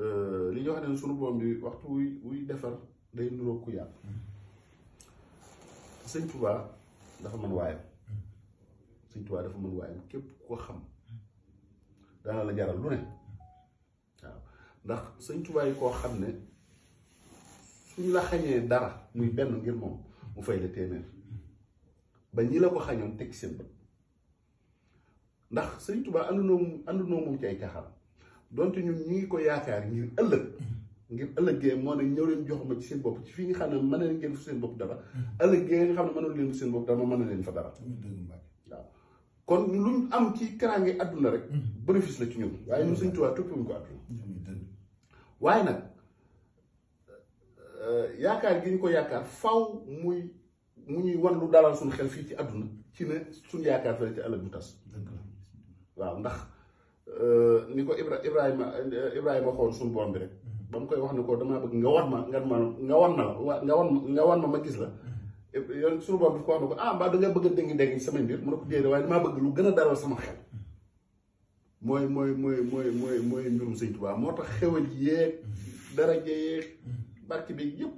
Euh, li ñu wax ne sunu boom mi waxtu wuy wuy defar day nuróo ku yàq sëñ Tuubaa dafa mën waayam sëñ Tuubaa dafa mën waayam képp ko xam dana la jaral lu ne waaw ndax sëñ Tuubaa yi koo xam ne suñ la xañee dara muy benn ngir moom mu fay la téeméer ba ñi la ko xañoon teg seen bët ndax sëñ Tuubaa àndunoo moom àndunoo moom ci ay donte ñun ñu ngi ko yaakaar ngir ëllëg ngir ëllëgee moo ne ñëw leen jox ma ci seen bopp ci fii nga xam ne mën na leen ngeen fu seen bopp dara ëllëgee nga xam ne mënul leen fu seen bopp dara ma mën na leen fa dara waaw kon lu ñu am ci karange àdduna rek mm-hmm. bénéfice la ci ñun waaye ñun suñ tubaab toppuñ ko àdduna waaye nag euh, yaakaar gi ñu ko yaakaar faw muy mu ñuy wan lu dalal suñu xel fii ci àdduna ci ne suñu yaakaar fële ci ëllëg mu tas waaw ndax Euh, ni ko Ibra Ibrahima euh, Ibrahima xool suñu borom bi rek mhm. ba mu koy wax ne ko damaa bëgg nga wan ma nga ma nga wan ma la nga wan ma gis la mhm. yoon suñu borom bi ko wax ne ko ah mbaa da nga bëgg a dégg dégg sama mbir mu ne ko déedéet waaye damaa bëgg lu gën a daral sama xel mhm. mooy mooy mooy mooy mooy mooy mbirum sëñ Tuubaa moo tax xewal yéeg daraja yéeg barke bi yëpp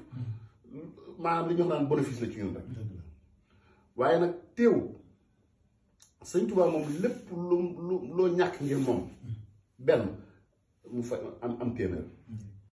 maanaam li ñu wax naan bénéfice la ci ñun rek waaye nag teewul sëñ Tuubaa moom lépp lu lu loo ñàkk ngir moom benn mu fa am am